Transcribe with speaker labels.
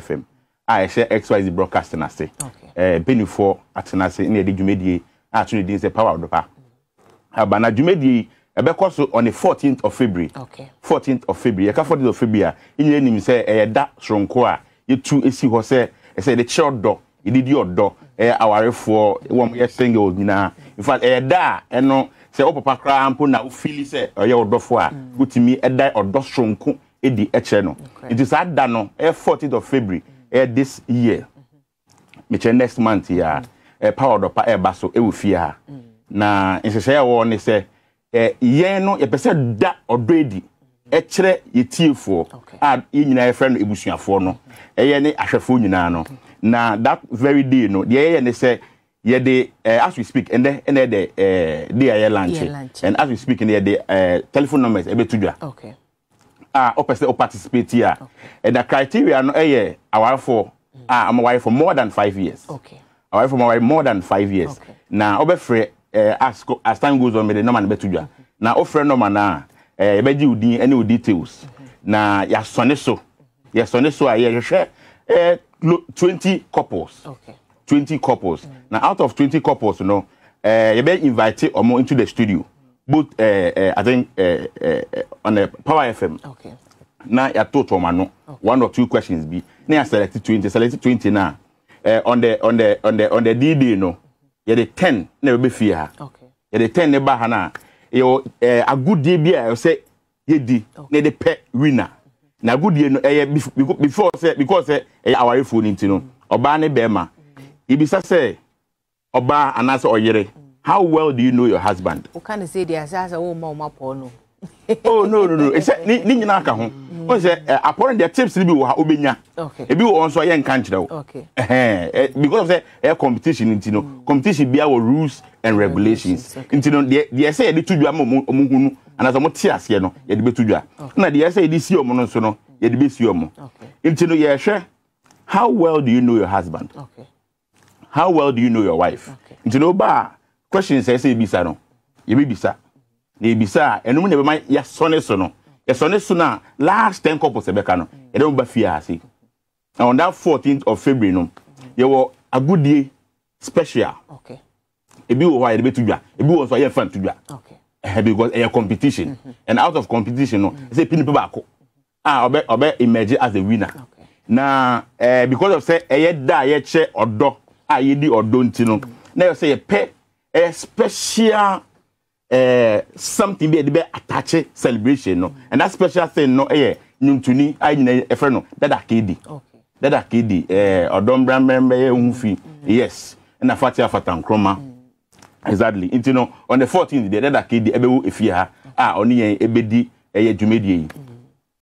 Speaker 1: fm ah, a ɛhyɛ xyz broadcasting ase ɛɛ for at ase ɛna yɛde dwumadie a ato ne din sɛ power adopa aba But dwumadie yi ɛbɛkɔ so on the 14th of february 14th of february yɛka fourteenth of february a ɛnyɛ nim sɛ ɛyɛ da soronko a yɛtu esi hɔ sɛ ɛsɛ yɛde kyerɛ ɔdɔ yɛde di ɔdɔ ɛyɛ awarefoɔ wɔn yɛ you know, in fact ɛyɛ da a ɛno sɛ ɔpapa koraa mpo na ofili sɛ ɔyɛ ɔdɔfoɔ a wotumi ɛda ɔdɔ soronko di ɛkyerɛ no nti saa da no ɛyɛ fourteenth of february ɛyɛ this year mm-hmm. mekyerɛ next month yi a mm-hmm. ɛyɛ power dɔpa ɛɛba so ɛwɔ fie ha mm. na nhyehyɛ ɛwɔ ne sɛ ɛɛ yɛn no yɛpɛ sɛ da ɔdɔ edi mm-hmm. ɛkyerɛ yɛtiefoɔ a yɛn nyinaa yɛfrɛ no ebusuafoɔ no ɛyɛ ne ahwɛfoɔ nyinaa no na that very day no deɛ yɛyɛ ne sɛ yɛde uh, as we speak ɛnɛ ɛnɛ yɛde ɛɛ day a yɛ lanche and as we speak ɛnɛ yɛde ɛɛ telephone numbers ɛbɛtu dwa. Okay a ɔpɛ sɛ ɔparticipate a ɛna criteria no ɛyɛ awarefoɔ a ɔmo mm. ware for more than five years Okay, awarefoɔ ɔmo ware more than five years na ɔbɛfrɛ ɛɛ eh, as as time goes on mɛ de nɔma no bɛto dwa mm-hmm. na ɔfrɛ nɔma no a ɛɛ eh, yɛbɛgye wo din ɛne wo details mm-hmm. na yasɔne so mm-hmm. yasɔne so a yɛhwehwɛ ɛɛ eh, twenty couples Okay. twenty couples mm. na out of twenty couples no ɛɛ yɛbɛ invite ɔmo into the studio both uh, uh, I think uh, uh, on the Power FM. Okay. Now you told Tomano okay. one or two questions be. Now I selected twenty, selected twenty now. Uh, on the on the on the on the DD, day no, you the ten never be fear. Okay. You the ten never hana. You a good day be I say ye di ne the pet winner. Now good day no eh before say because say eh our phone into no. Oba ne bema. Ibisa say oba anase oyere. Mm -hmm how well do you know your husband. o kan sɛ de ase ase wo ma o ma pɔ no. oh no no no sɛ ni ni nyinaa ka ho mm. wọn sɛ ɛ apɔn deɛ tips bi wɔ ha o nya ebi wɔ hɔ nso yɛ nka o because of sɛ ɛyɛ competition nti no mm. competition bia wɔ rules and regulations nti no deɛ deɛ yɛde tu dwa ma ɔmo ɔmo hu no anaasɛ ɔmo te aseɛ no yɛde bɛ tu dwa ɛna deɛ sɛ yɛde si ɔmo no nso no yɛde bɛ si ɔmo nti no yɛhwɛ how well do you know your husband okay. how well do you know your wife nti no ba questions ɛsɛ ebisa no yɛbɛbisa na ebisa a ɛnum na ɛbɛma yɛsɔne so no yɛsɔne so no a last ten couples ɛbɛka no yɛde mo ba fie ase na on that fourteenth of february no yɛwɔ agudie special ebi wɔ hɔ a yɛde bɛtu dwa ebi wɔ nso a yɛfa ntu dwa ɛhɛ because ɛyɛ competition mm-hmm. and out of competition no mm-hmm. ɛsɛ epi nipa baako a ɔbɛ ɔbɛ emerge as a winner na ɛɛ eh, because of sɛ ɛyɛ da a yɛkyɛ ɔdɔ a yɛdi ɔdɔ nti no na yɛ sɛ yɛpɛ a special uh, something bi a de celebration no mm and that special thing no yɛ eh, nyuntuni ayi nyina efra eh, no that kedi okay. that kedi ɛɛ ɔdɔm member, yɛ ohun fi yes ɛna fati afata nkroma mm-hmm. exactly nti no on the fourteenth deɛ dada kedi ɛbɛwɔ efie ha a ɔne yɛn ɛbɛdi ɛyɛ dwumadie yi. Mm -hmm.